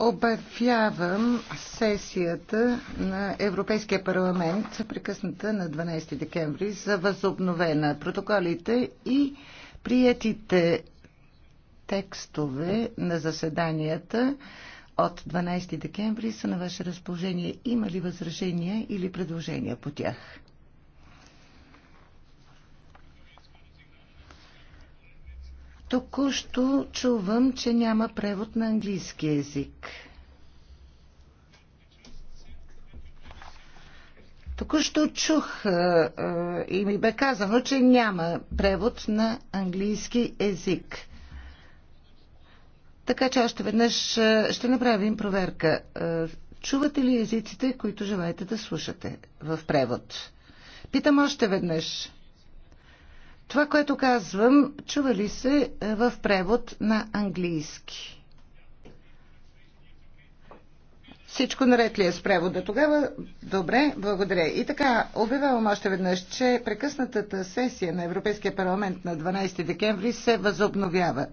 Обявявам сесията на Европейския парламент, прекъсната на 12 декември, за възобновена. Протоколите и приетите текстове на заседанията от 12 декември са на ваше разположение. Има ли възражения или предложения по тях? Току-що чувам, че няма превод на английски език. Току-що чух а, а, и ми бе казано, че няма превод на английски език. Така че още веднъж ще направим проверка. Чувате ли езиците, които желаете да слушате в превод? Питам още веднъж. Това, което казвам, чува ли се е, в превод на английски? Всичко наред ли е с превода тогава? Добре, благодаря. И така, обявявам още веднъж, че прекъснатата сесия на Европейския парламент на 12 декември се възобновява.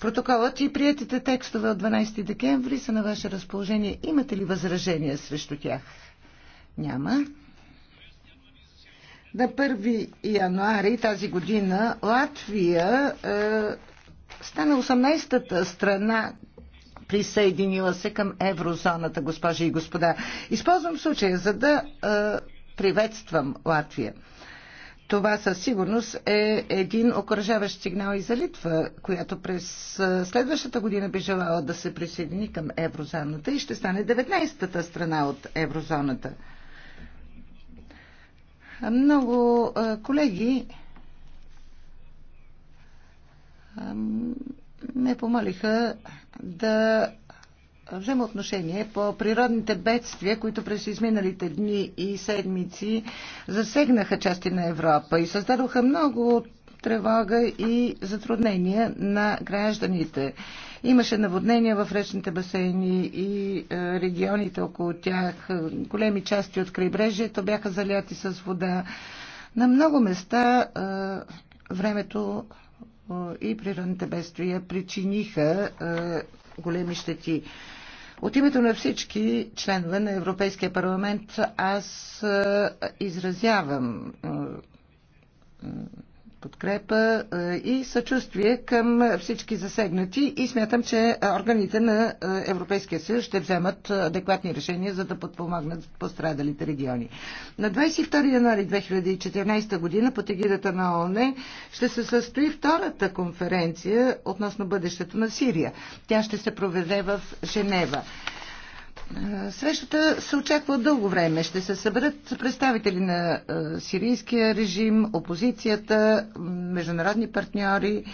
Протоколът и приятите текстове от 12 декември са на ваше разположение. Имате ли възражения срещу тях? Няма. На 1 януари тази година Латвия е, стана 18-та страна, присъединила се към еврозоната, госпожи и господа. Използвам случая, за да е, приветствам Латвия. Това със сигурност е един окоръжаващ сигнал и за Литва, която през е, следващата година би желала да се присъедини към еврозоната и ще стане 19-та страна от еврозоната. Много колеги ме помолиха да взема отношение по природните бедствия, които през изминалите дни и седмици засегнаха части на Европа и създадоха много тревога и затруднения на гражданите. Имаше наводнения в речните басейни и е, регионите около тях. Големи части от крайбрежието бяха заляти с вода. На много места е, времето е, и природните бедствия причиниха големи щети. От името на всички членове на Европейския парламент аз изразявам подкрепа е, и съчувствие към всички засегнати и смятам, че органите на е, Европейския съюз ще вземат е, адекватни решения, за да подпомогнат пострадалите региони. На 22 януари 2014 година под егидата на ООН ще се състои втората конференция относно бъдещето на Сирия. Тя ще се проведе в Женева. Срещата се очаква дълго време. Ще се съберат представители на е, сирийския режим, опозицията, международни партньори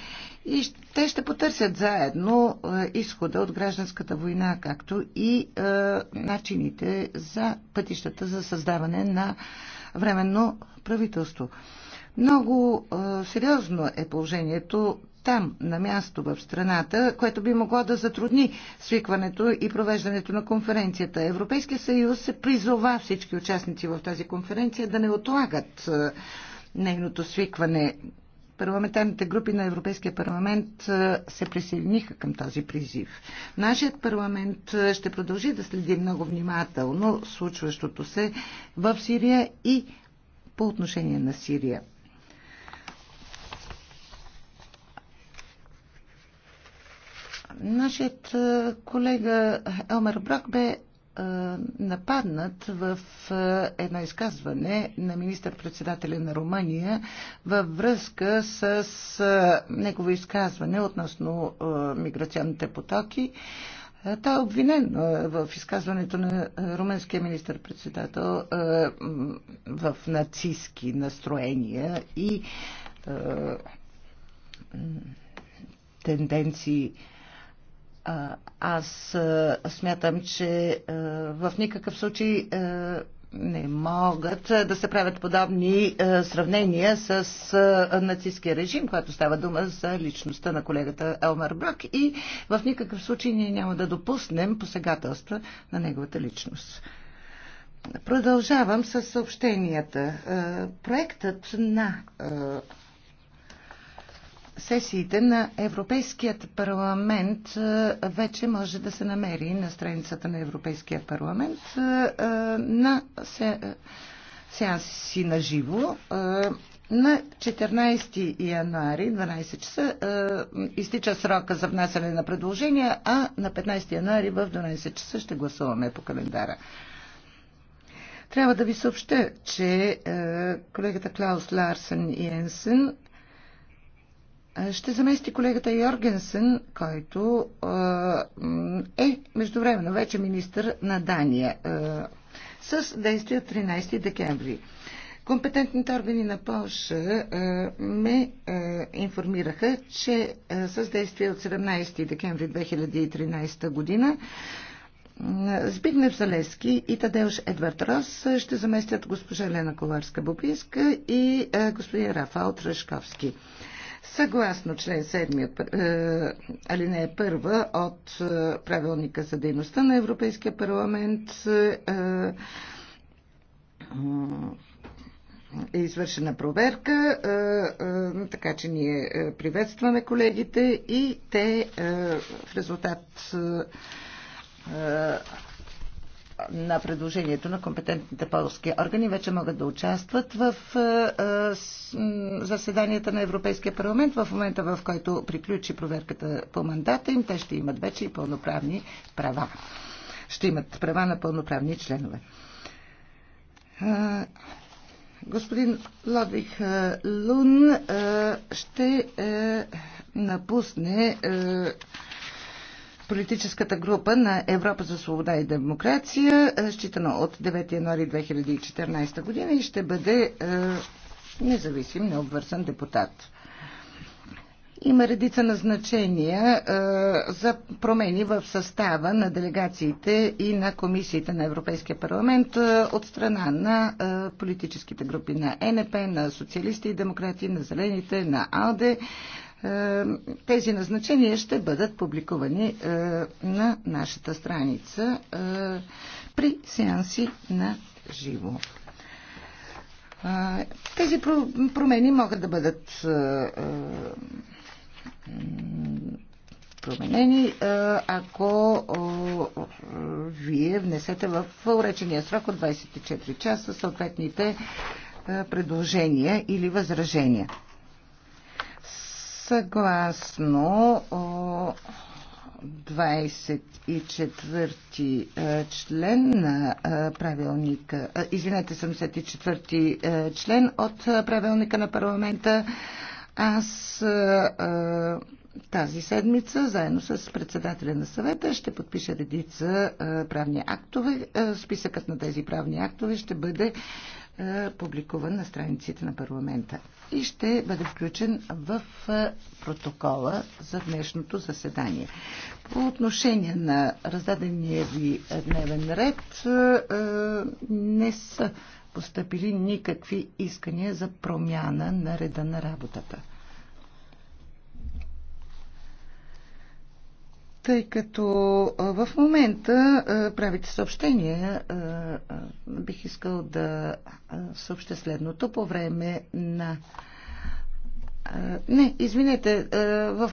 и те ще потърсят заедно е, изхода от гражданската война, както и е, начините за пътищата за създаване на временно правителство. Много сериозно е положението там, на място в страната, което би могло да затрудни свикването и провеждането на конференцията. Европейския съюз се призова всички участници в тази конференция да не отлагат е, нейното свикване. Парламентарните групи на Европейския парламент е, се присъединиха към този призив. Нашият парламент е, ще продължи да следи много внимателно случващото се в Сирия и по отношение на Сирия. Нашият колега Елмер Брак бе нападнат в едно изказване на министър-председателя на Румъния във връзка с негово изказване относно миграционните потоки. Той е обвинен в изказването на румънския министър-председател в нацистски настроения и тенденции аз смятам, че в никакъв случай не могат да се правят подобни сравнения с нацистския режим, когато става дума за личността на колегата Елмар Брък и в никакъв случай ние няма да допуснем посегателства на неговата личност. Продължавам с съобщенията. Проектът на сесиите на Европейският парламент вече може да се намери на страницата на Европейския парламент на сеанси на живо. На 14 януари, 12 часа, изтича срока за внасяне на предложения, а на 15 януари в 12 часа ще гласуваме по календара. Трябва да ви съобща, че колегата Клаус Ларсен Йенсен ще замести колегата Йоргенсен, който е междувременно вече министр на Дания с действие от 13 декември. Компетентните органи на Польша ме информираха, че с действие от 17 декември 2013 година Збигнев Залески и Тадеуш Едвард Рос ще заместят госпожа Лена Коварска бобинска и господин Рафал Трашковски съгласно член 7, е, алинея 1 от е, правилника за дейността на Европейския парламент е, е извършена проверка, така че ние приветстваме колегите и те в резултат на предложението на компетентните полски органи вече могат да участват в е, е, заседанията на Европейския парламент. В момента, в който приключи проверката по мандата им, те ще имат вече и пълноправни права. Ще имат права на пълноправни членове. Е, господин Лодвих Лун ще напусне политическата група на Европа за свобода и демокрация, е, считано от 9 януари 2014 година и ще бъде е, независим, необвързан депутат. Има редица назначения е, за промени в състава на делегациите и на комисиите на Европейския парламент е, от страна на е, политическите групи на е НП, на социалисти и демократи, на зелените, на АЛДЕ, е, тези назначения ще бъдат публикувани е, на нашата страница е, при сеанси на живо. Тези промени могат да бъдат променени, ако вие внесете в уречения срок от 24 часа съответните предложения или възражения. Съгласно 24-ти е, член на е, правилника, е, извинете, 74-ти член от правилника на парламента, аз тази седмица, заедно с председателя на съвета, ще подпиша редица правни актове. Списъкът на тези правни актове ще бъде е, публикуван на страниците на парламента и ще бъде включен в е, протокола за днешното заседание. По отношение на раздадения ви дневен ред е, не са поступили никакви искания за промяна на реда на работата. тъй като в момента правите съобщение, бих искал да съобща следното по време на. Не, извинете, в